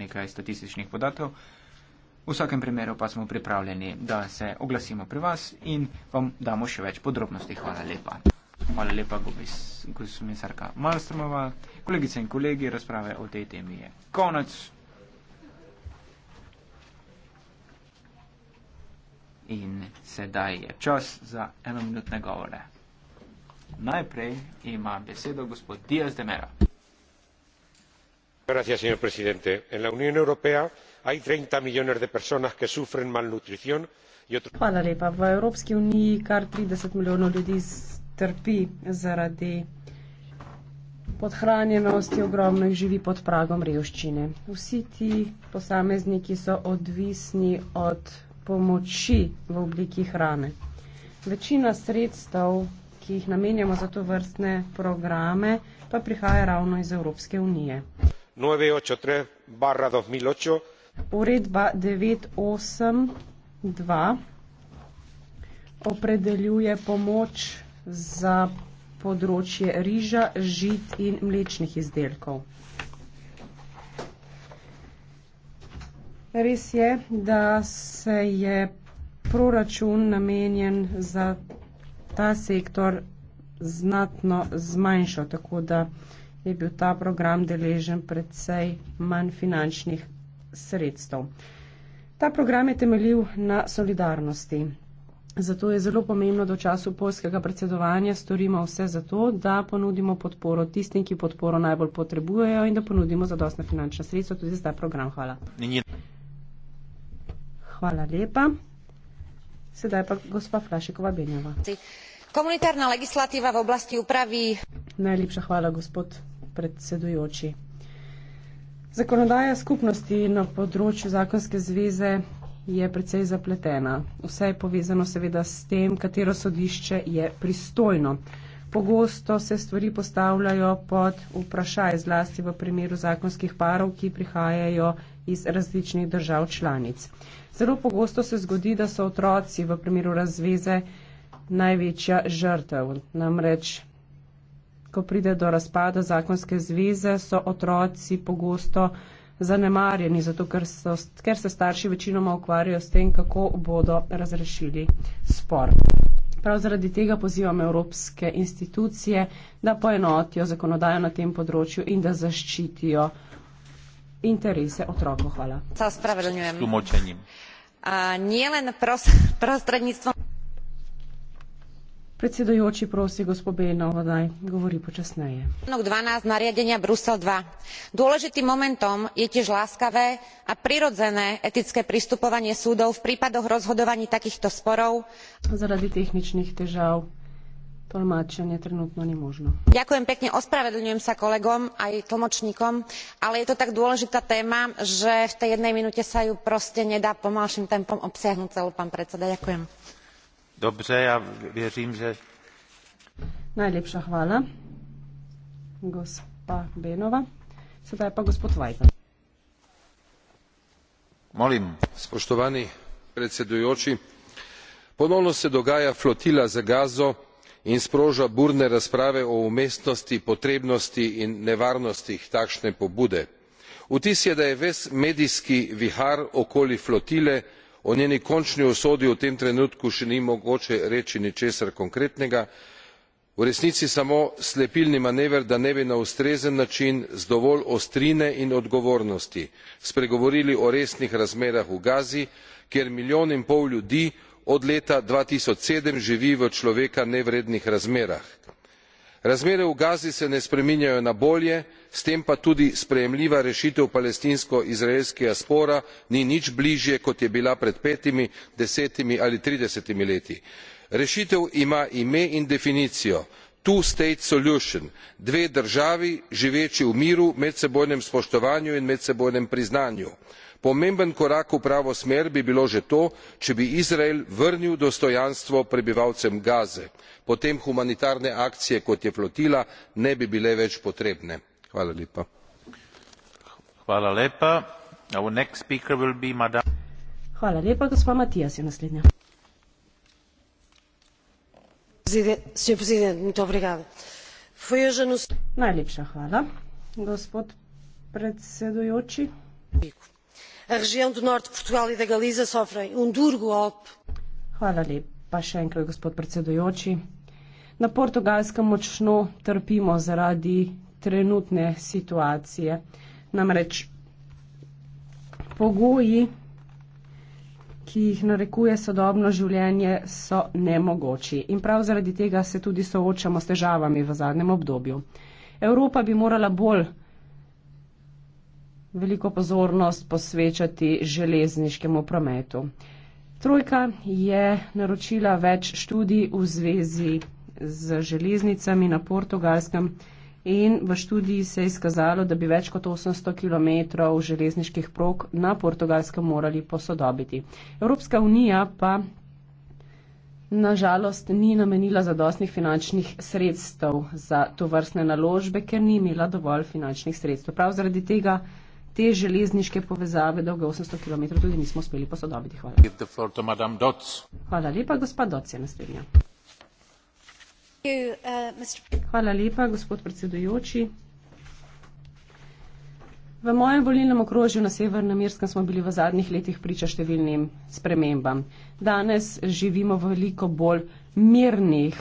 nekaj statističnih podatkov. V vsakem primeru pa smo pripravljeni, da se oglasimo pri vas in vam damo še več podrobnosti. Hvala lepa. Hvala lepa, gospodinsarka Malstromova. Kolegice in kolegi, razprave o tej temi je konec. In sedaj je čas za enominutne govore. Najprej ima besedo gospod Diaz de Mera señor presidente en la unión europea hay treinta millones de personas que sufren malnutrición y otros. podhranjenosti ogromno jih živi pod pragom revščine. Vsi ti posamezniki so odvisni od pomoči v obliki hrane. Večina sredstev, ki jih namenjamo za to vrstne programe, pa prihaja ravno iz Evropske unije novecientos uredba devet osem dva opredeljuje pomoč za področje riža, žit in mlečnih izdelkov. Res je, da se je proračun namenjen za ta sektor znatno zmanjšal, tako da je bil ta program deležen predvsej manj finančnih sredstev. Ta program je temeljil na solidarnosti. Zato je zelo pomembno, da v času polskega predsedovanja storimo vse za to, da ponudimo podporo tistim, ki podporo najbolj potrebujejo in da ponudimo zadostna finančna sredstva tudi za ta program. Hvala. Hvala lepa. Sedaj pa gospa Flašikova Benjava. Komunitarna legislativa v oblasti upravi. Najlepša hvala, gospod predsedujoči. Zakonodaja skupnosti na področju zakonske zveze je precej zapletena. Vse je povezano seveda s tem, katero sodišče je pristojno. Pogosto se stvari postavljajo pod vprašaj, zlasti v primeru zakonskih parov, ki prihajajo iz različnih držav članic. Zelo pogosto se zgodi, da so otroci v primeru razveze največja žrtev. Namreč ko pride do razpada zakonske zveze, so otroci pogosto zanemarjeni, zato ker, so, ker se starši večinoma ukvarjajo s tem, kako bodo razrešili spor. Prav zaradi tega pozivam evropske institucije, da poenotijo zakonodajo na tem področju in da zaščitijo interese otrokov. Hvala. Tlumočenjem. Uh, nije len pros, prostredníctvom. Predsedujoči, prosi gospod Bejnovo, daj govori počasneje. 12 nariadenia Brusel 2. Dôležitým momentom je tiež láskavé a prirodzené etické pristupovanie súdov v prípadoch rozhodovaní takýchto sporov. Zaradi techničných težav tlmačenie trenutno nemožno. Ďakujem pekne, ospravedlňujem sa kolegom aj tlmočníkom, ale je to tak dôležitá téma, že v tej jednej minúte sa ju proste nedá pomalším tempom obsiahnuť celú, pán predseda. Ďakujem. Dobře, já věřím, že... Najlepša hvala, gospa Benova. Sedaj pa gospod Vajta. Molim. Spoštovani predsedujoči, ponovno se dogaja flotila za gazo in sproža burne razprave o umestnosti, potrebnosti in nevarnostih takšne pobude. Vtis je, da je ves medijski vihar okoli flotile o njeni končni usodi v tem trenutku še ni mogoče reči ničesar konkretnega v resnici samo slepilni manever da ne bi na ustrezen način z dovolj ostrine in odgovornosti spregovorili o resnih razmerah v gazi kjer milijon in pol ljudi od leta dva tisoč sedem živi v človeka nevrednih razmerah. razmere v gazi se ne spreminjajo na bolje s tem pa tudi sprejemljiva rešitev palestinsko izraelskega spora ni nič bližje kot je bila pred petimi desetimi ali tridesetimi leti. rešitev ima ime in definicijo two state solution dve državi živeči v miru medsebojnem spoštovanju in medsebojnem priznanju. pomemben korak v pravo smer bi bilo že to če bi izrael vrnil dostojanstvo prebivalcem gaze potem humanitarne akcije kot je flotila ne bi bile več potrebne hvala lepa hvala lepa our next speaker will be mada hvala lepa gospa matijas je naslednja Najlepša hvala, gospod predsedujoči. E um hvala lepa še enkrat, gospod predsedujoči. Na portugalskem močno trpimo zaradi trenutne situacije. Namreč pogoji, ki jih narekuje sodobno življenje, so nemogoči in prav zaradi tega se tudi soočamo s težavami v zadnjem obdobju. Evropa bi morala bolj veliko pozornost posvečati železniškemu prometu. Trojka je naročila več študij v zvezi z železnicami na portugalskem in v študiji se je izkazalo, da bi več kot 800 km železniških prog na portugalskem morali posodobiti. Evropska unija pa nažalost ni namenila zadostnih finančnih sredstev za to vrstne naložbe, ker ni imela dovolj finančnih sredstev. Prav zaradi tega te železniške povezave dolge 800 km tudi nismo uspeli posodobiti. Hvala. Hvala lepa, gospod Doc je naslednja. Hvala lepa, gospod predsedujoči. V mojem volilnem okrožju na Severnem Irskem smo bili v zadnjih letih priča številnim spremembam. Danes živimo v veliko bolj mirnih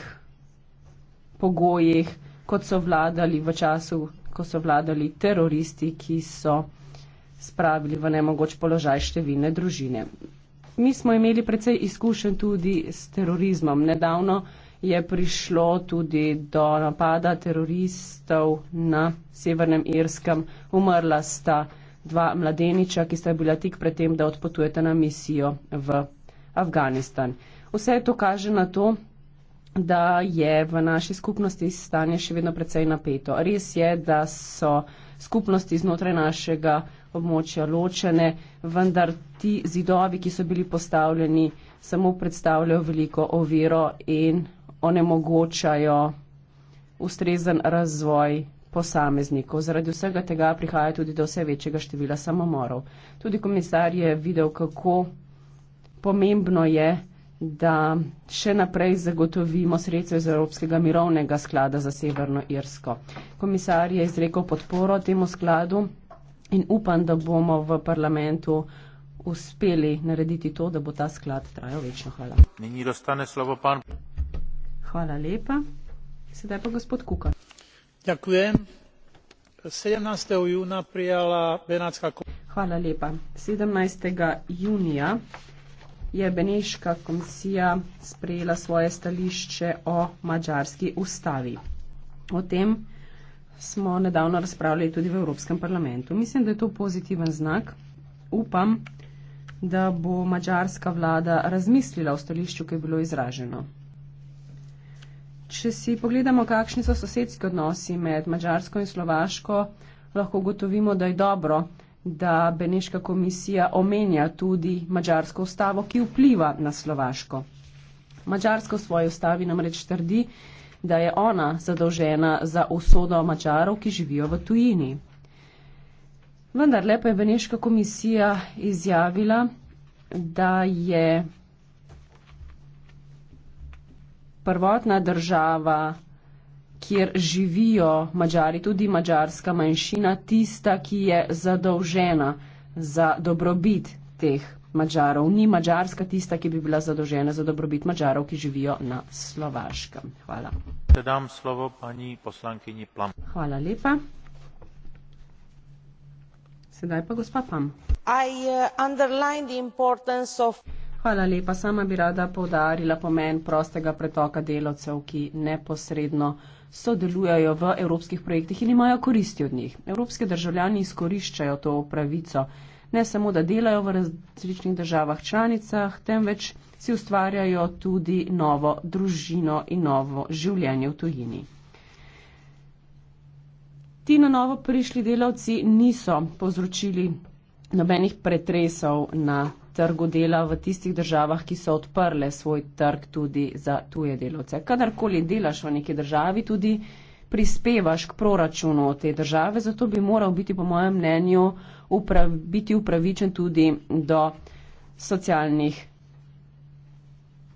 pogojih, kot so vladali v času, ko so vladali teroristi, ki so spravili v nemogoč položaj številne družine. Mi smo imeli precej izkušen tudi s terorizmom. Nedavno je prišlo tudi do napada teroristov na Severnem Irskem. Umrla sta dva mladeniča, ki sta bila tik pred tem, da odpotujete na misijo v Afganistan. Vse to kaže na to, da je v naši skupnosti stanje še vedno precej napeto. Res je, da so skupnosti znotraj našega območja ločene, vendar ti zidovi, ki so bili postavljeni, samo predstavljajo veliko oviro in onemogočajo ustrezen razvoj posameznikov. Zaradi vsega tega prihaja tudi do vse večjega števila samomorov. Tudi komisar je videl, kako pomembno je, da še naprej zagotovimo sredstvo iz Evropskega mirovnega sklada za Severno Irsko. Komisar je izrekel podporo temu skladu in upam, da bomo v parlamentu uspeli narediti to, da bo ta sklad trajal večno. Hvala hvala lepa. Sedaj pa gospod Kuka. Ďakujem. 17. júna prijala Benátska komisia. Hvala lepa. 17. júnia je Beneška komisija sprejela svoje stališče o mađarski ustavi. O tem smo nedavno razpravljali tudi v Evropskem parlamentu. Mislim, da je to pozitiven znak. Upam, da bo mađarska vlada razmislila o stališču, ki je bilo izraženo. Če si pogledamo, kakšni so sosedski odnosi med Mačarsko in Slovaško, lahko ugotovimo, da je dobro, da Beneška komisija omenja tudi Mačarsko ustavo, ki vpliva na Slovaško. Mačarsko v svoji ustavi namreč trdi, da je ona zadolžena za usodo Mačarov, ki živijo v tujini. Vendar lepo je Beneška komisija izjavila, da je prvotna država, kjer živijo mačari, tudi mačarska manjšina, tista, ki je zadolžena za dobrobit teh mačarov. Ni mačarska tista, ki bi bila zadolžena za dobrobit mačarov, ki živijo na Slovaškem. Hvala. Predam slovo pani poslankinji Plam. Hvala lepa. Sedaj pa gospa Pam. Uh, Hvala lepa. Sama bi rada povdarila pomen prostega pretoka delavcev, ki neposredno sodelujejo v evropskih projektih in imajo koristi od njih. Evropske državljani izkoriščajo to pravico. Ne samo, da delajo v različnih državah članicah, temveč si ustvarjajo tudi novo družino in novo življenje v tujini. Ti na novo prišli delavci niso povzročili nobenih pretresov na trgu dela v tistih državah, ki so odprle svoj trg tudi za tuje delovce. Kadarkoli delaš v neki državi, tudi prispevaš k proračunu te države, zato bi moral biti, po mojem mnenju, uprav, biti upravičen tudi do socialnih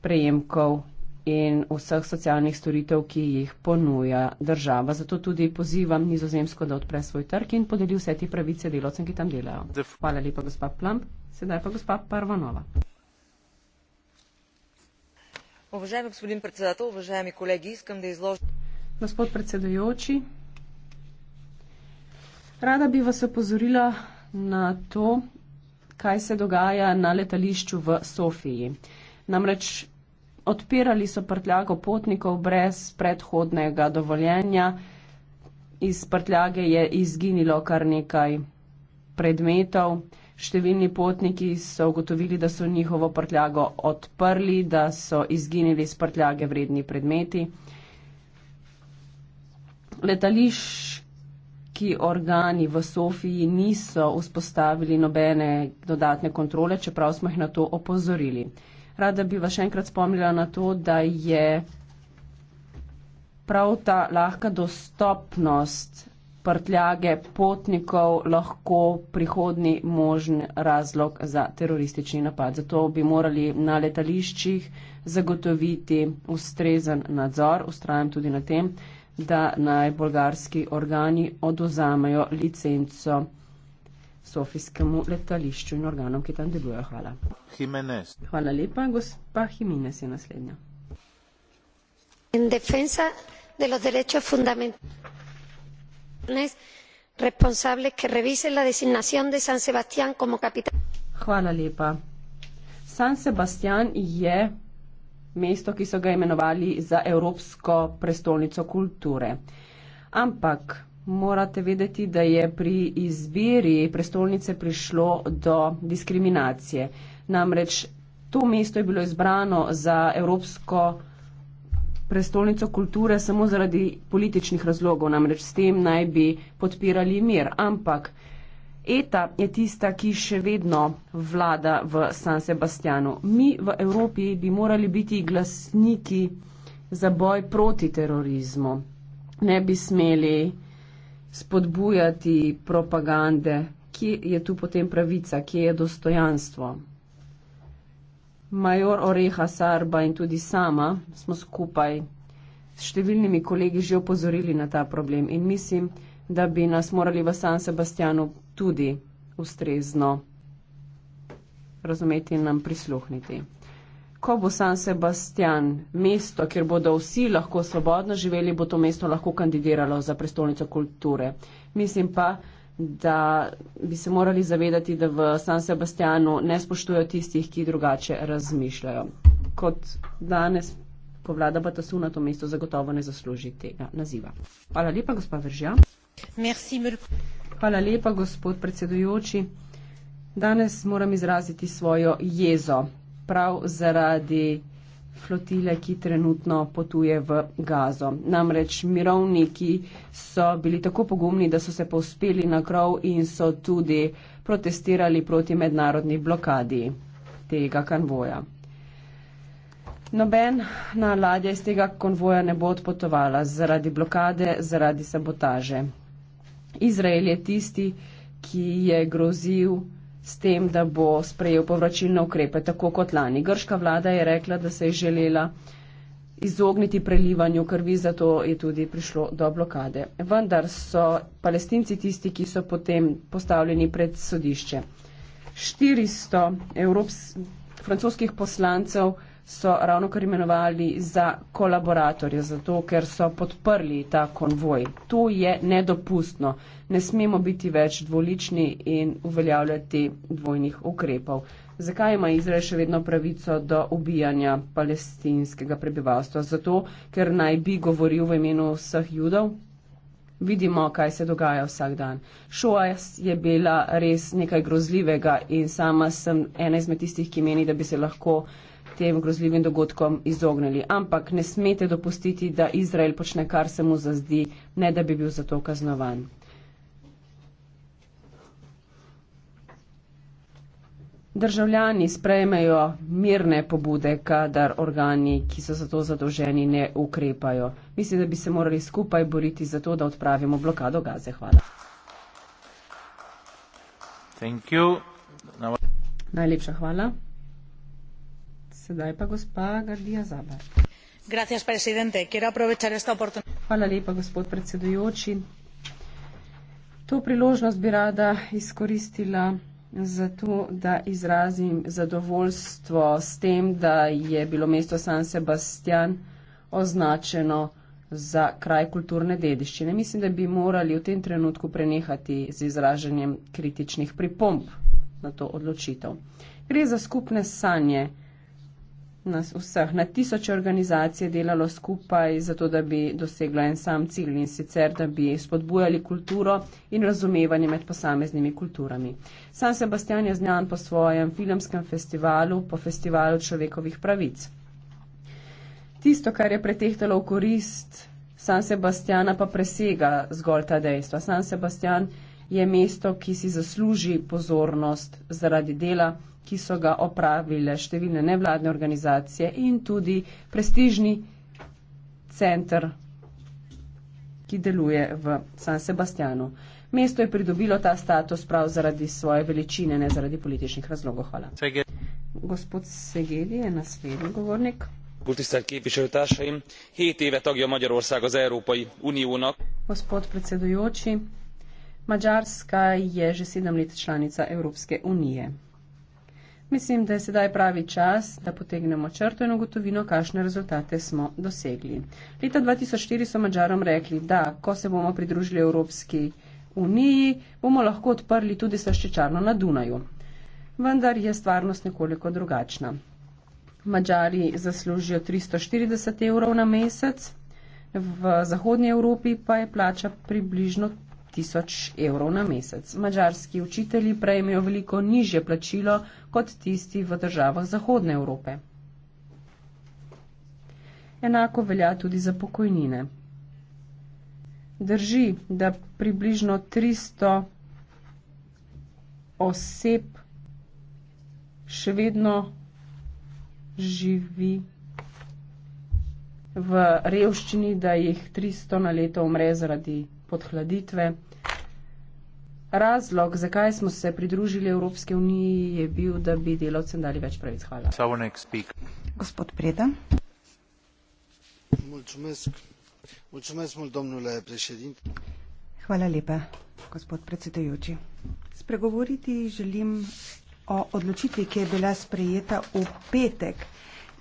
prejemkov in vseh socialnih storitev, ki jih ponuja država. Zato tudi pozivam nizozemsko, da odpre svoj trg in podeli vse te pravice delovcem, ki tam delajo. Hvala lepa, gospa Plamp. Sedaj pa gospa Parvanova. Uvaženi gospodin predsedatelj, uvaženi kolegi, iskam, da izložim. Gospod predsedujoči, rada bi vas opozorila na to, kaj se dogaja na letališču v Sofiji. Namreč odpirali so prtljago potnikov brez predhodnega dovoljenja. Iz prtljage je izginilo kar nekaj predmetov. Številni potniki so ugotovili, da so njihovo prtljago odprli, da so izginili iz prtljage vredni predmeti. Letališki organi v Sofiji niso vzpostavili nobene dodatne kontrole, čeprav smo jih na to opozorili. Rada bi vas še enkrat spomnila na to, da je prav ta lahka dostopnost prtljage potnikov lahko prihodni možen razlog za teroristični napad. Zato bi morali na letališčih zagotoviti ustrezen nadzor, ustrajam tudi na tem, da naj bolgarski organi odozamejo licenco sofijskemu letališču in organom, ki tam delujejo. Hvala. Jimenez. Hvala lepa, gospa Jimenez je naslednja. In defensa de los derechos fundamentales. Responsable, ki revise la designación de San Sebastián como capital. Hvala lepa. San Sebastián je mesto, ki so ga imenovali za Evropsko prestolnico kulture. Ampak morate vedeti, da je pri izbiri prestolnice prišlo do diskriminacije. Namreč to mesto je bilo izbrano za evropsko prestolnico kulture samo zaradi političnih razlogov, namreč s tem naj bi podpirali mir. Ampak ETA je tista, ki še vedno vlada v San Sebastianu. Mi v Evropi bi morali biti glasniki za boj proti terorizmu. Ne bi smeli spodbujati propagande, kje je tu potem pravica, kje je dostojanstvo. Major Oreha Sarba in tudi sama smo skupaj s številnimi kolegi že opozorili na ta problem in mislim, da bi nas morali v San Sebastianu tudi ustrezno razumeti in nam prisluhniti ko bo San Sebastian mesto, kjer bodo vsi lahko svobodno živeli, bo to mesto lahko kandidiralo za prestolnico kulture. Mislim pa, da bi se morali zavedati, da v San Sebastianu ne spoštujo tistih, ki drugače razmišljajo. Kot danes povlada Batasu na to mesto zagotovo ne zasluži tega naziva. Hvala lepa, gospod Veržja. Hvala lepa, gospod predsedujoči. Danes moram izraziti svojo jezo prav zaradi flotile, ki trenutno potuje v Gazo. Namreč mirovniki so bili tako pogumni, da so se povspeli na krov in so tudi protestirali proti mednarodni blokadi tega konvoja. Noben na ladje iz tega konvoja ne bo odpotovala zaradi blokade, zaradi sabotaže. Izrael je tisti, ki je grozil s tem, da bo sprejel povračilne ukrepe, tako kot lani. Grška vlada je rekla, da se je želela izogniti prelivanju krvi, zato je tudi prišlo do blokade. Vendar so palestinci tisti, ki so potem postavljeni pred sodišče. 400 evrops, francoskih poslancev so ravno kar imenovali za kolaboratorje, zato ker so podprli ta konvoj. To je nedopustno. Ne smemo biti več dvolični in uveljavljati dvojnih ukrepov. Zakaj ima Izrael še vedno pravico do ubijanja palestinskega prebivalstva? Zato, ker naj bi govoril v imenu vseh judov? Vidimo, kaj se dogaja vsak dan. Šoa je bila res nekaj grozljivega in sama sem ena izmed tistih, ki meni, da bi se lahko uh, tem grozljivim dogodkom izognili. Ampak ne smete dopustiti, da Izrael počne, kar se mu zazdi, ne da bi bil za to kaznovan. Državljani sprejmejo mirne pobude, kadar organi, ki so za to zadolženi, ne ukrepajo. Mislim, da bi se morali skupaj boriti za to, da odpravimo blokado gaze. Hvala. Najlepša hvala. To priložnost bi rada izkoristila za to, da izrazim zadovoljstvo s tem, da je bilo mesto San Sebastian označeno za kraj kulturne dediščine. Mislim, da bi morali v tem trenutku prenehati z izražanjem kritičnih pripomb na to odločitev. Gre za skupne sanje nas vseh, na tisoče organizacij je delalo skupaj, zato da bi dosegla en sam cilj in sicer, da bi spodbujali kulturo in razumevanje med posameznimi kulturami. Sam Sebastian je znan po svojem filmskem festivalu, po festivalu človekovih pravic. Tisto, kar je pretehtalo v korist San Sebastiana, pa presega zgolj ta dejstva. San Sebastian je mesto, ki si zasluži pozornost zaradi dela ki so ga opravile številne nevladne organizacije in tudi prestižni center, ki deluje v San Sebastianu. Mesto je pridobilo ta status prav zaradi svoje veličine, ne zaradi političnih razlogov. Hvala. Gospod Segedi je naslednji govornik. Gospod predsedujoči, Mačarska je že sedem let članica Evropske unije. Mislim, da je sedaj pravi čas, da potegnemo črto in ugotovimo, kakšne rezultate smo dosegli. Leta 2004 so Mačarom rekli, da ko se bomo pridružili Evropski uniji, bomo lahko odprli tudi slaščičarno na Dunaju. Vendar je stvarnost nekoliko drugačna. Mačari zaslužijo 340 evrov na mesec, v Zahodnji Evropi pa je plača približno tisoč evrov na mesec. Mačarski učitelji prejmejo veliko nižje plačilo kot tisti v državah Zahodne Evrope. Enako velja tudi za pokojnine. Drži, da približno 300 oseb še vedno živi v revščini, da jih 300 na leto umre zaradi podhladitve. Razlog, zakaj smo se pridružili Evropske unije, je bil, da bi delavcem dali več pravic. Hvala. Gospod Predan. Mulțumesc. Mulțumesc mult, domnule președinte. Hvala lepa, gospod predsedajoči. Spregovoriti želim o odločitvi, ki je bila sprejeta v petek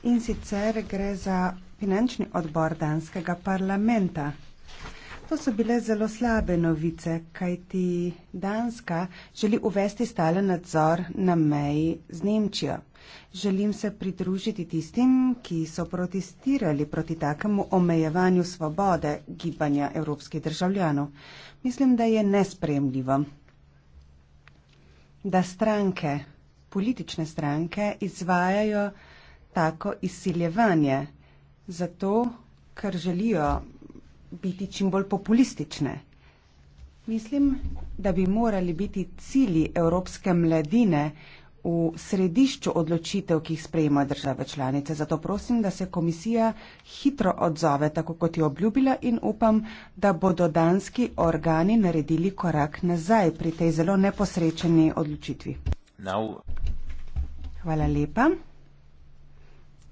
in sicer gre za finančni odbor danskega parlamenta. To so bile zelo slabe novice, kajti Danska želi uvesti stalen nadzor na meji z Nemčijo. Želim se pridružiti tistim, ki so protestirali proti takemu omejevanju svobode gibanja evropskih državljanov. Mislim, da je nespremljivo, da stranke, politične stranke, izvajajo tako izsiljevanje, zato ker želijo biti čim bolj populistične. Mislim, da bi morali biti cili evropske mladine v središču odločitev, ki jih sprejema države članice. Zato prosim, da se komisija hitro odzove, tako kot je obljubila in upam, da bodo danski organi naredili korak nazaj pri tej zelo neposrečeni odločitvi. Now. Hvala lepa.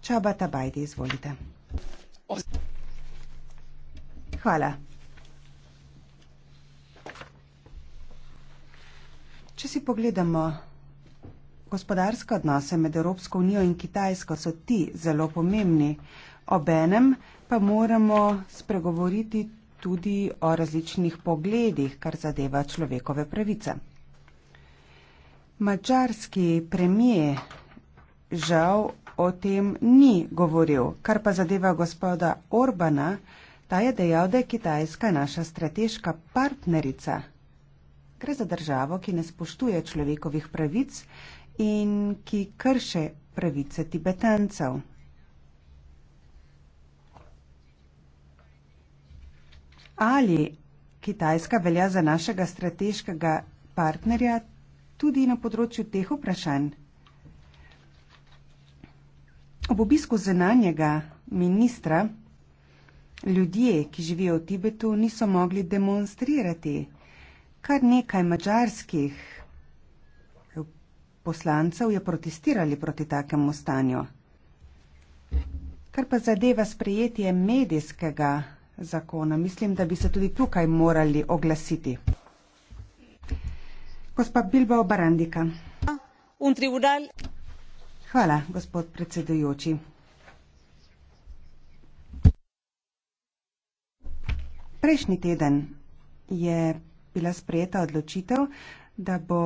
Čaba Tabajdi, izvolite. Awesome. Hvala. Če si pogledamo gospodarske odnose med Evropsko unijo in Kitajsko, so ti zelo pomembni. Obenem pa moramo spregovoriti tudi o različnih pogledih, kar zadeva človekove pravice. Mačarski premije žal o tem ni govoril, kar pa zadeva gospoda Orbana, Ta je dejal, da je Kitajska naša strateška partnerica. Gre za državo, ki ne spoštuje človekovih pravic in ki krše pravice tibetancev. Ali Kitajska velja za našega strateškega partnerja tudi na področju teh vprašanj? Ob obisku zunanjega ministra Ljudje, ki živijo v Tibetu, niso mogli demonstrirati. Kar nekaj mačarskih poslancev je protestirali proti takemu stanju. Kar pa zadeva sprejetje medijskega zakona, mislim, da bi se tudi tukaj morali oglasiti. Gospa Bilba Obarandika. Hvala, gospod predsedujoči. Prejšnji teden je bila sprejeta odločitev, da bo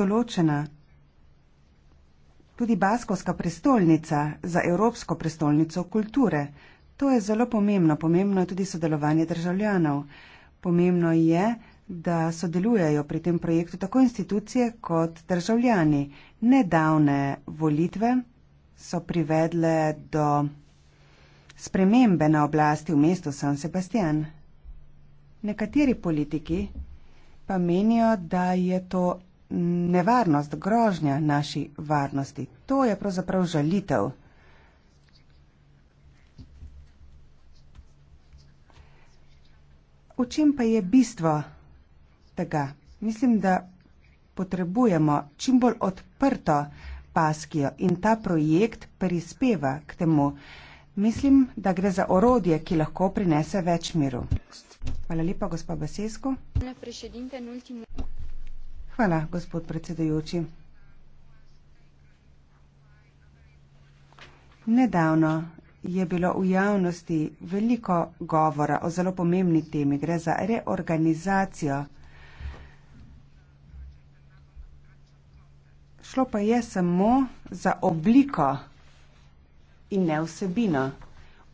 določena tudi baskovska prestolnica za evropsko prestolnico kulture. To je zelo pomembno. Pomembno je tudi sodelovanje državljanov. Pomembno je, da sodelujejo pri tem projektu tako institucije kot državljani. Nedavne volitve so privedle do spremembe na oblasti v mestu San Sebastian. Nekateri politiki pa menijo, da je to nevarnost, grožnja naši varnosti. To je pravzaprav žalitev. V čem pa je bistvo tega? Mislim, da potrebujemo čim bolj odprto paskijo in ta projekt prispeva k temu. Mislim, da gre za orodje, ki lahko prinese več miru. Hvala lepa, gospod Basesko. Hvala, gospod predsedujoči. Nedavno je bilo v javnosti veliko govora o zelo pomembni temi. Gre za reorganizacijo šlo pa je samo za obliko in ne vsebino.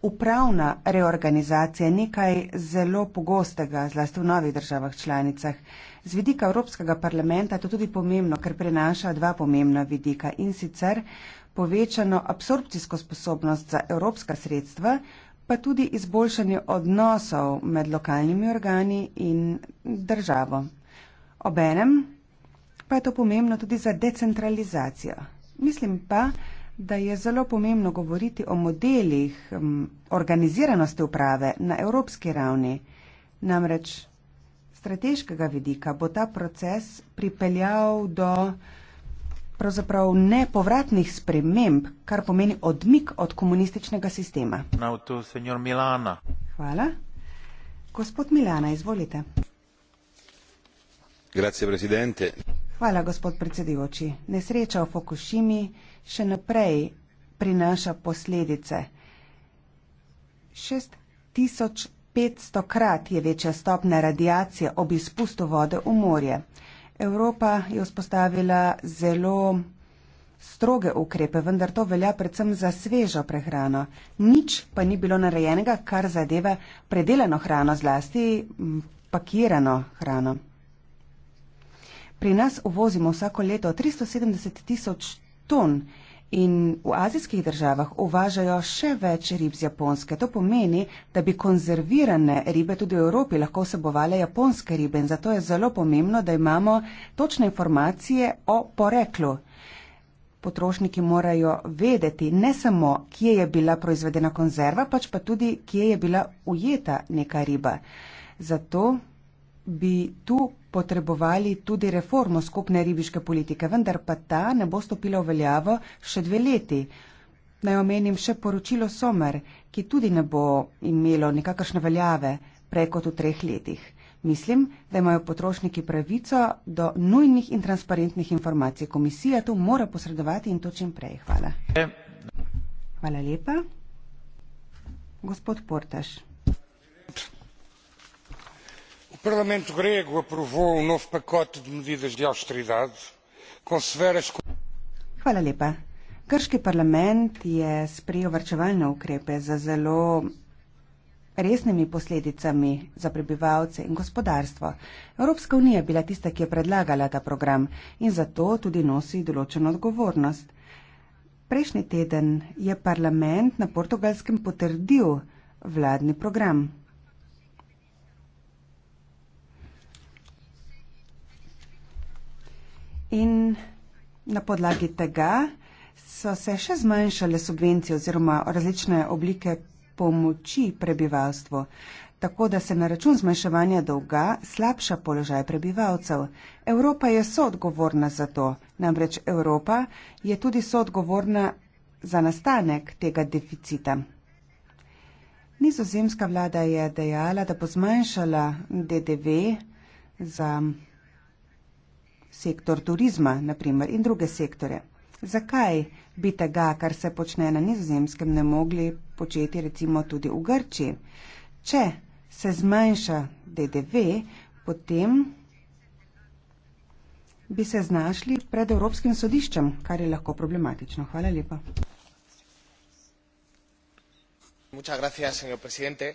Upravna reorganizacija je nekaj zelo pogostega, zlasti v novih državah članicah. Z vidika Evropskega parlamenta je to tudi pomembno, ker prenaša dva pomembna vidika in sicer povečano absorpcijsko sposobnost za evropska sredstva, pa tudi izboljšanje odnosov med lokalnimi organi in državo. Obenem pa je to pomembno tudi za decentralizacijo. Mislim pa, da je zelo pomembno govoriti o modelih um, organiziranosti uprave na evropski ravni. Namreč strateškega vidika bo ta proces pripeljal do pravzaprav nepovratnih sprememb, kar pomeni odmik od komunističnega sistema. Tu, Milana. Hvala. Gospod Milana, izvolite. Grazie, Hvala, gospod predsedujoči. Nesreča v Fukushimi še naprej prinaša posledice. 6500 krat je večja stopna radiacije ob izpustu vode v morje. Evropa je vzpostavila zelo stroge ukrepe, vendar to velja predvsem za svežo prehrano. Nič pa ni bilo narejenega, kar zadeva predelano hrano, zlasti pakirano hrano pri nas uvozimo vsako leto 370 tisoč ton in v azijskih državah uvažajo še več rib z japonske. To pomeni, da bi konzervirane ribe tudi v Evropi lahko vsebovale japonske ribe in zato je zelo pomembno, da imamo točne informacije o poreklu. Potrošniki morajo vedeti ne samo, kje je bila proizvedena konzerva, pač pa tudi, kje je bila ujeta neka riba. Zato bi tu potrebovali tudi reformo skupne ribiške politike, vendar pa ta ne bo stopila v veljavo še dve leti. Naj omenim še poročilo Somer, ki tudi ne bo imelo nekakršne veljave prej kot v treh letih. Mislim, da imajo potrošniki pravico do nujnih in transparentnih informacij. Komisija to mora posredovati in to čim prej. Hvala. E. Hvala lepa. Gospod Portaš parlamento grego aprovou um novo pacote de medidas de austeridade com severas. Hvala lepa. Krški parlament je sprejel vrčevalne ukrepe za zelo resnimi posledicami za prebivalce in gospodarstvo. Evropska unija je bila tista, ki je predlagala ta program in zato tudi nosi določeno odgovornost. Prejšnji teden je parlament na portugalskem potrdil vladni program. In na podlagi tega so se še zmanjšale subvencije oziroma različne oblike pomoči prebivalstvu, tako da se na račun zmanjševanja dolga slabša položaj prebivalcev. Evropa je soodgovorna za to, namreč Evropa je tudi soodgovorna za nastanek tega deficita. Nizozemska vlada je dejala, da bo zmanjšala DDV za sektor turizma naprimer, in druge sektore. Zakaj bi tega, kar se počne na nizozemskem, ne mogli početi recimo tudi v Grči? Če se zmanjša DDV, potem bi se znašli pred Evropskim sodiščem, kar je lahko problematično. Hvala lepa. Muchas gracias, señor presidente.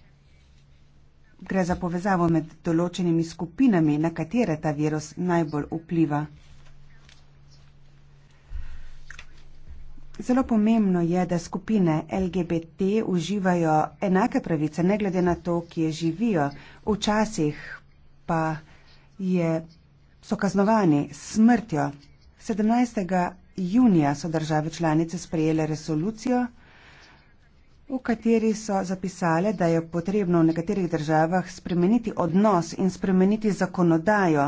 gre za povezavo med določenimi skupinami, na katere ta virus najbolj vpliva. Zelo pomembno je, da skupine LGBT uživajo enake pravice, ne glede na to, kje živijo. Včasih pa je, so kaznovani s smrtjo. 17. junija so države članice sprejele resolucijo, v kateri so zapisale, da je potrebno v nekaterih državah spremeniti odnos in spremeniti zakonodajo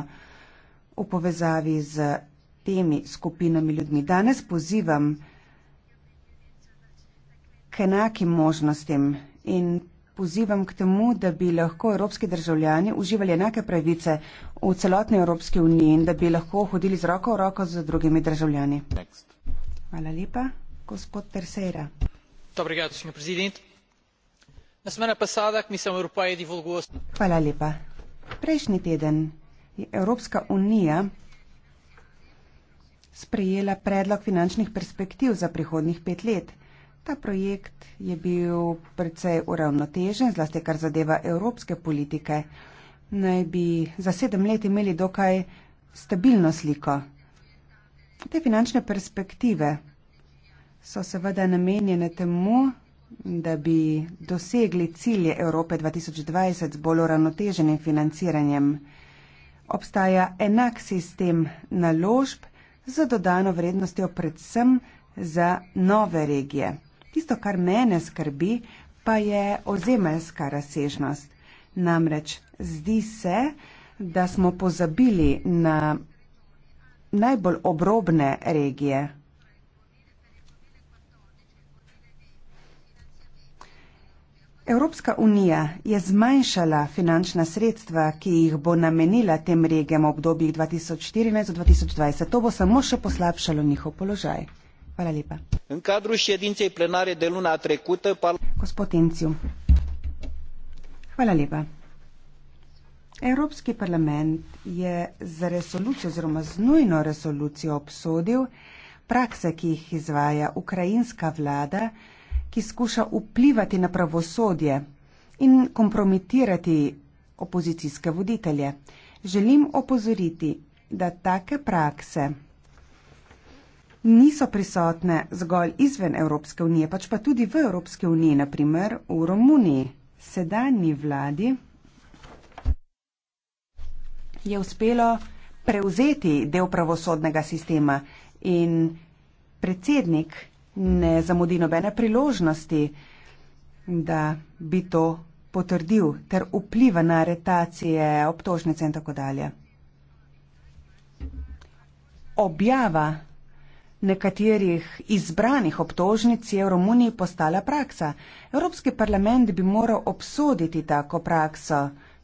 v povezavi z temi skupinami ljudmi. Danes pozivam k enakim možnostim in pozivam k temu, da bi lahko evropski državljani uživali enake pravice v celotni Evropski uniji in da bi lahko hodili z roko v roko z drugimi državljani. Next. Hvala lepa, gospod Terseira senhor presidente na semana passada a comissão europeia divulgou Hvala lepa. Prejšnji teden je Evropska unija sprejela predlog finančnih perspektiv za prihodnih pet let. Ta projekt je bil precej uravnotežen, zlasti kar zadeva evropske politike. Naj bi za sedem let imeli dokaj stabilno sliko. Te finančne perspektive so seveda namenjene temu, da bi dosegli cilje Evrope 2020 z bolj uravnoteženim financiranjem. Obstaja enak sistem naložb z dodano vrednostjo predvsem za nove regije. Tisto, kar mene skrbi, pa je ozemeljska razsežnost. Namreč zdi se, da smo pozabili na najbolj obrobne regije. Evropska unija je zmanjšala finančna sredstva, ki jih bo namenila tem regijam v obdobjih 2014-2020. To bo samo še poslabšalo njihov položaj. Hvala lepa. In kadru šedincej plenare de luna trekute pa... Gospod Incu. Hvala lepa. Evropski parlament je z resolucijo oziroma z nujno resolucijo obsodil prakse, ki jih izvaja ukrajinska vlada, ki skuša vplivati na pravosodje in kompromitirati opozicijske voditelje. Želim opozoriti, da take prakse niso prisotne zgolj izven Evropske unije, pač pa tudi v Evropske unije, naprimer v Romuniji. Sedajni vladi je uspelo prevzeti del pravosodnega sistema in predsednik ne zamudi nobene priložnosti, da bi to potrdil ter vpliva na aretacije, obtožnice in tako dalje. Objava nekaterih izbranih obtožnic je v Romuniji postala praksa. Evropski parlament bi moral obsoditi tako prakso,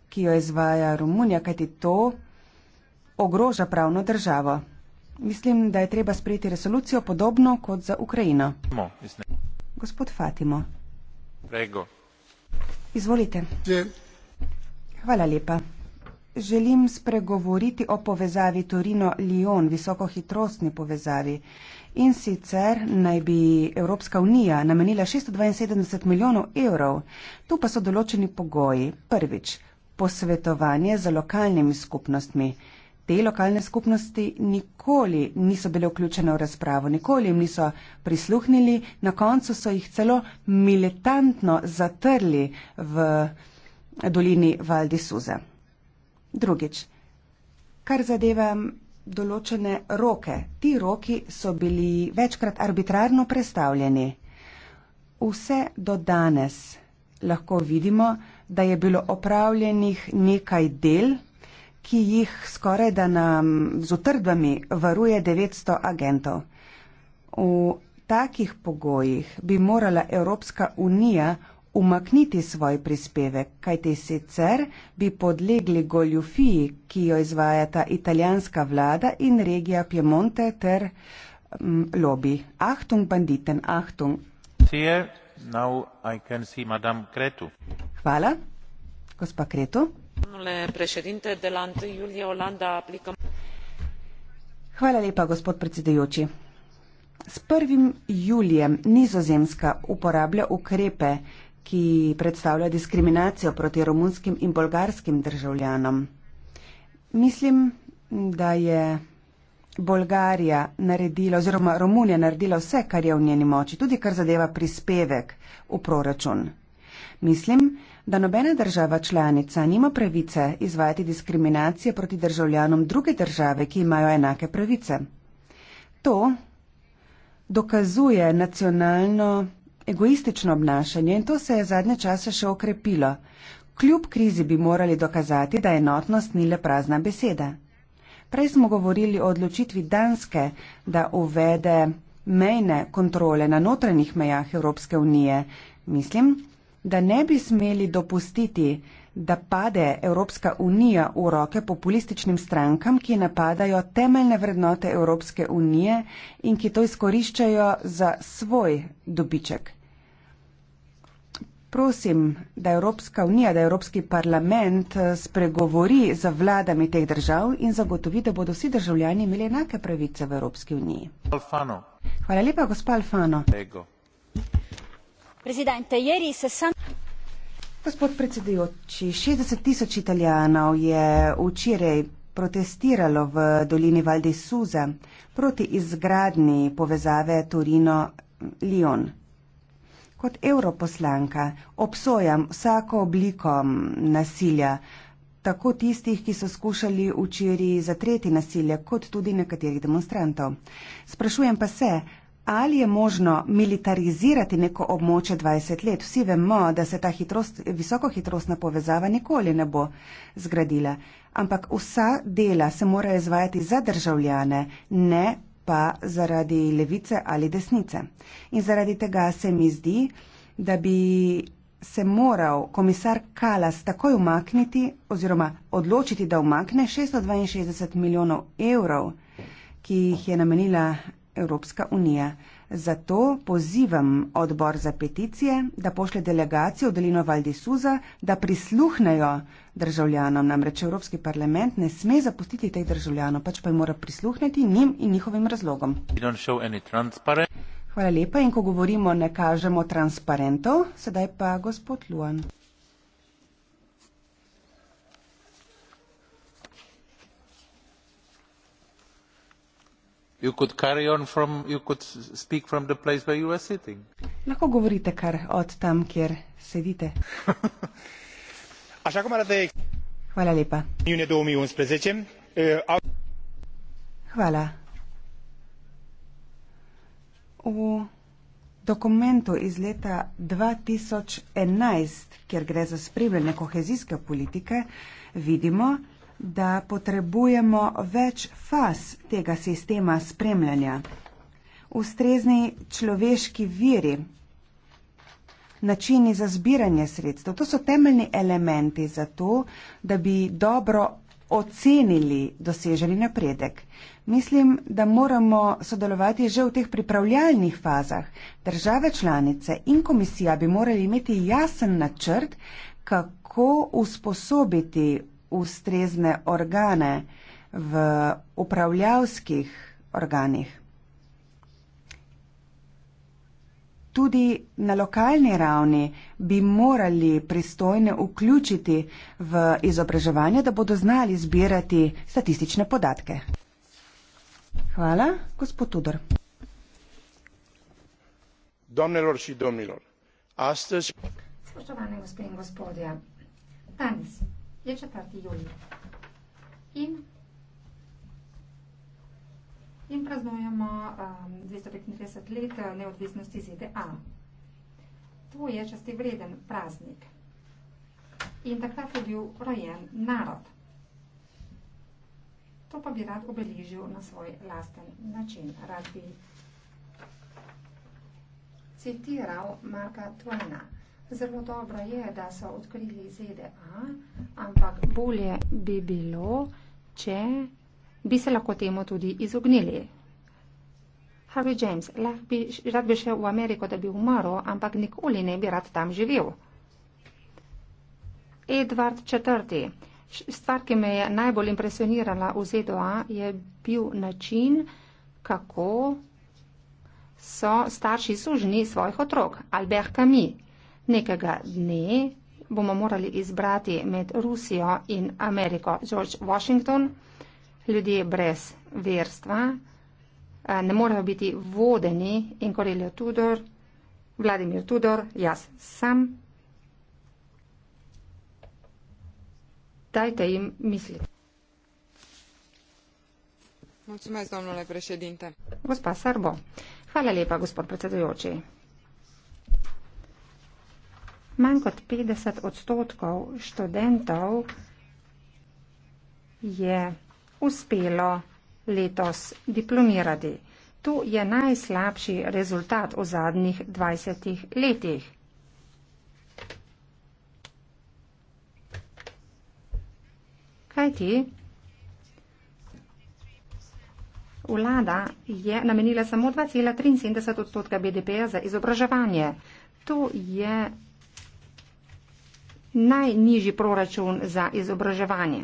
ki jo izvaja Romunija, kajti to ogroža pravno državo. Mislim, da je treba sprejeti resolucijo podobno kot za Ukrajino. Mo, Gospod Fatimo. Prego. Izvolite. Je. Hvala lepa. Želim spregovoriti o povezavi Torino-Lyon, visokohitrostni povezavi. In sicer naj bi Evropska unija namenila 672 milijonov evrov. Tu pa so določeni pogoji. Prvič, posvetovanje za lokalnimi skupnostmi te lokalne skupnosti nikoli niso bile vključene v razpravo, nikoli jim niso prisluhnili, na koncu so jih celo militantno zatrli v dolini Valdisuze. Drugič, kar zadeva določene roke. Ti roki so bili večkrat arbitrarno predstavljeni. Vse do danes lahko vidimo, da je bilo opravljenih nekaj del, ki jih skoraj da nam z utrdbami varuje 900 agentov. V takih pogojih bi morala Evropska unija umakniti svoj prispevek, kajti sicer bi podlegli goljufiji, ki jo izvajata italijanska vlada in regija Piemonte ter um, lobi. Achtung banditen, Achtung. See, now I can see Madame Kretu. Hvala, gospa Kretu. Hvala lepa, gospod predsedujoči. S prvim julijem Nizozemska uporablja ukrepe, ki predstavlja diskriminacijo proti romunskim in bolgarskim državljanom. Mislim, da je Bolgarija naredila oziroma Romunija naredila vse, kar je v njeni moči, tudi kar zadeva prispevek v proračun. Mislim, da nobena država članica nima pravice izvajati diskriminacije proti državljanom druge države, ki imajo enake pravice. To dokazuje nacionalno egoistično obnašanje in to se je zadnje čase še okrepilo. Kljub krizi bi morali dokazati, da enotnost ni le prazna beseda. Prej smo govorili o odločitvi Danske, da uvede mejne kontrole na notranjih mejah Evropske unije. Mislim, da ne bi smeli dopustiti, da pade Evropska unija v roke populističnim strankam, ki napadajo temeljne vrednote Evropske unije in ki to izkoriščajo za svoj dobiček. Prosim, da Evropska unija, da Evropski parlament eh, spregovori za vladami teh držav in zagotovi, da bodo vsi državljani imeli enake pravice v Evropski uniji. Alfano. Hvala lepa, gospod Alfano. Lego. Gospod predsedujoči, 60 tisoč italijanov je včeraj protestiralo v dolini Valde Suza proti izgradni povezave Torino-Lion. Kot europoslanka obsojam vsako obliko nasilja, tako tistih, ki so skušali včeraj zatreti nasilje, kot tudi nekaterih demonstrantov. Sprašujem pa se, ali je možno militarizirati neko območje 20 let? Vsi vemo, da se ta hitrost, visokohitrostna povezava nikoli ne bo zgradila, ampak vsa dela se morajo izvajati za državljane, ne pa zaradi levice ali desnice. In zaradi tega se mi zdi, da bi se moral komisar Kalas takoj umakniti oziroma odločiti, da umakne 662 milijonov evrov, ki jih je namenila Evropska unija. Zato pozivam odbor za peticije, da pošlje delegacijo v dolino Valdisuza, da prisluhnejo državljanom. Namreč Evropski parlament ne sme zapustiti teh državljanov, pač pa jih mora prisluhniti njim in njihovim razlogom. Hvala lepa in ko govorimo, ne kažemo transparentov. Sedaj pa gospod Luan. Lahko govorite kar od tam, kjer sedite. Hvala lepa. E, Hvala. V dokumentu iz leta 2011, kjer gre za spremljanje kohezijske politike, vidimo, da potrebujemo več faz tega sistema spremljanja, ustrezni človeški viri, načini za zbiranje sredstev. To so temeljni elementi za to, da bi dobro ocenili doseženi napredek. Mislim, da moramo sodelovati že v teh pripravljalnih fazah. Države članice in komisija bi morali imeti jasen načrt, kako usposobiti ustrezne organe v upravljavskih organih. Tudi na lokalni ravni bi morali pristojne vključiti v izobraževanje, da bodo znali zbirati statistične podatke. Hvala, gospod Tudor. Domnilor, domnilor. Astes... Spoštovane gospe in gospodje, danes je 4. julij. In, in praznujemo um, 235 let eh, neodvisnosti ZDA. To je časti vreden praznik. In takrat je bil rojen narod. To pa bi rad obeležil na svoj lasten način. Rad bi citiral Marka Twaina. Zelo dobro je, da so odkrili ZDA, ampak bolje bi bilo, če bi se lahko temu tudi izognili. Harry James, bi, rad bi šel v Ameriko, da bi umrl, ampak nikoli ne bi rad tam živel. Edward IV. Stvar, ki me je najbolj impresionirala v ZDA, je bil način, kako so starši sužni svojih otrok. Albert Camus, Nekega dne bomo morali izbrati med Rusijo in Ameriko. George Washington, ljudje brez verstva, eh, ne morejo biti vodeni in Korelijo Tudor, Vladimir Tudor, jaz sam. Dajte jim misli. Mulțumesc, domnule președinte. Gospa Sarbo. Hvala lepa, gospod predsedujoči manj kot 50 odstotkov študentov je uspelo letos diplomirati. To je najslabši rezultat v zadnjih 20 letih. Kaj ti? Vlada je namenila samo 2,73 odstotka BDP-ja za izobraževanje. To je najnižji proračun za izobraževanje.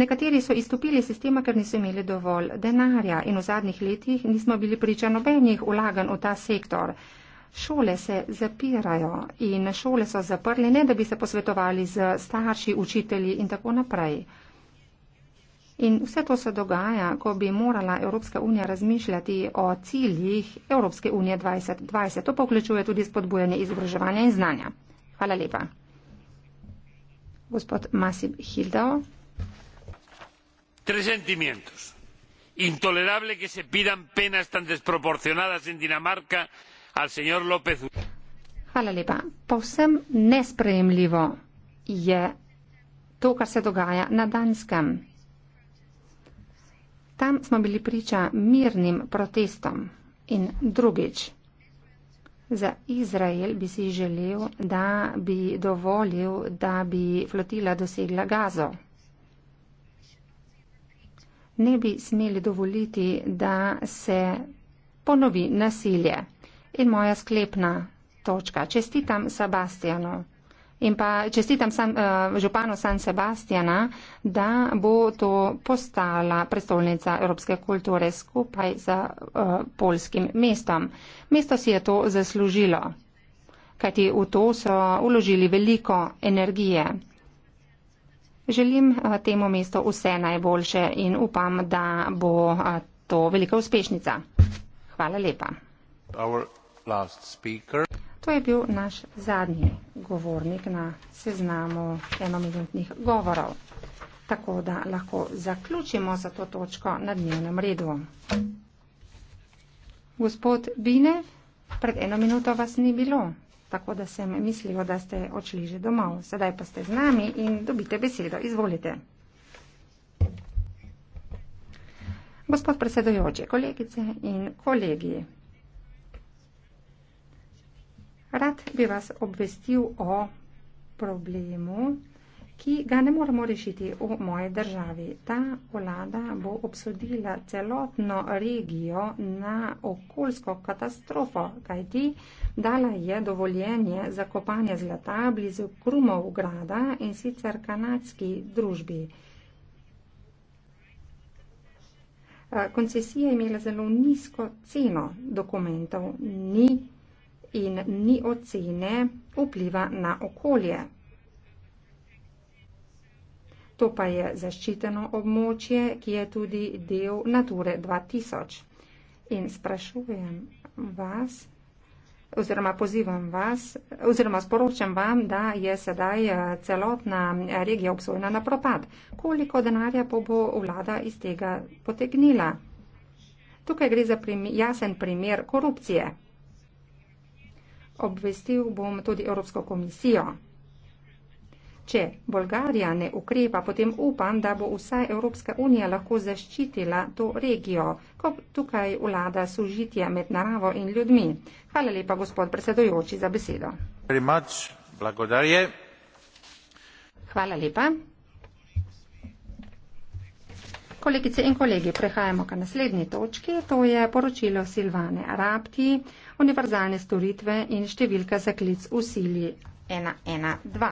Nekateri so izstopili iz sistema, ker niso imeli dovolj denarja in v zadnjih letih nismo bili priča nobenih ulagan v ta sektor. Šole se zapirajo in šole so zaprli, ne da bi se posvetovali z starši, učitelji in tako naprej. In vse to se dogaja, ko bi morala Evropska unija razmišljati o ciljih Evropske unije 2020. To pa vključuje tudi spodbujanje izobraževanja in znanja. Hvala lepa. Gospod Masib Hildao. Tres sentimientos. Intolerable que se pidan penas tan desproporcionadas en Dinamarca al señor López. Hvala lepa. Povsem nesprejemljivo je to, kar se dogaja na Danskem. Tam smo bili priča mirnim protestom. In drugič, za Izrael bi si želel, da bi dovolil, da bi flotila dosegla gazo. Ne bi smeli dovoliti, da se ponovi nasilje. In moja sklepna točka. Čestitam Sebastianu. In pa čestitam san, eh, županu San Sebastiana, da bo to postala prestolnica evropske kulture skupaj z uh, polskim mestom. Mesto si je to zaslužilo, kajti v to so uložili veliko energije. Želim uh, temu mestu vse najboljše in upam, da bo uh, to velika uspešnica. Hvala lepa. To je bil naš zadnji govornik na seznamu enominutnih govorov. Tako da lahko zaključimo za to točko na dnevnem redu. Gospod Bine, pred eno minuto vas ni bilo, tako da sem mislila, da ste odšli že domov. Sedaj pa ste z nami in dobite besedo. Izvolite. Gospod predsedojoči, kolegice in kolegi. Rad bi vas obvestil o problemu, ki ga ne moremo rešiti v moje državi. Ta vlada bo obsodila celotno regijo na okoljsko katastrofo, kajti dala je dovoljenje za kopanje zlata blizu Krumov grada in sicer kanadski družbi. Koncesija je imela zelo nizko ceno dokumentov, ni in ni ocene vpliva na okolje. To pa je zaščiteno območje, ki je tudi del Nature 2000. In sprašujem vas, oziroma pozivam vas, oziroma sporočam vam, da je sedaj eh, celotna regija obsojena na propad. Koliko denarja pa bo vlada iz tega potegnila? Tukaj gre za primi, jasen primer korupcije obvestil bom tudi Evropsko komisijo. Če Bolgarija ne ukrepa, potem upam, da bo vsaj Evropska unija lahko zaščitila to regijo, ko tukaj vlada sožitja med naravo in ljudmi. Hvala lepa, gospod predsedojoči, za besedo. Hvala lepa. Kolegice in kolegi, prehajamo k naslednji točki. To je poročilo Silvane Rapti univerzalne storitve in številka za klic v sili 112.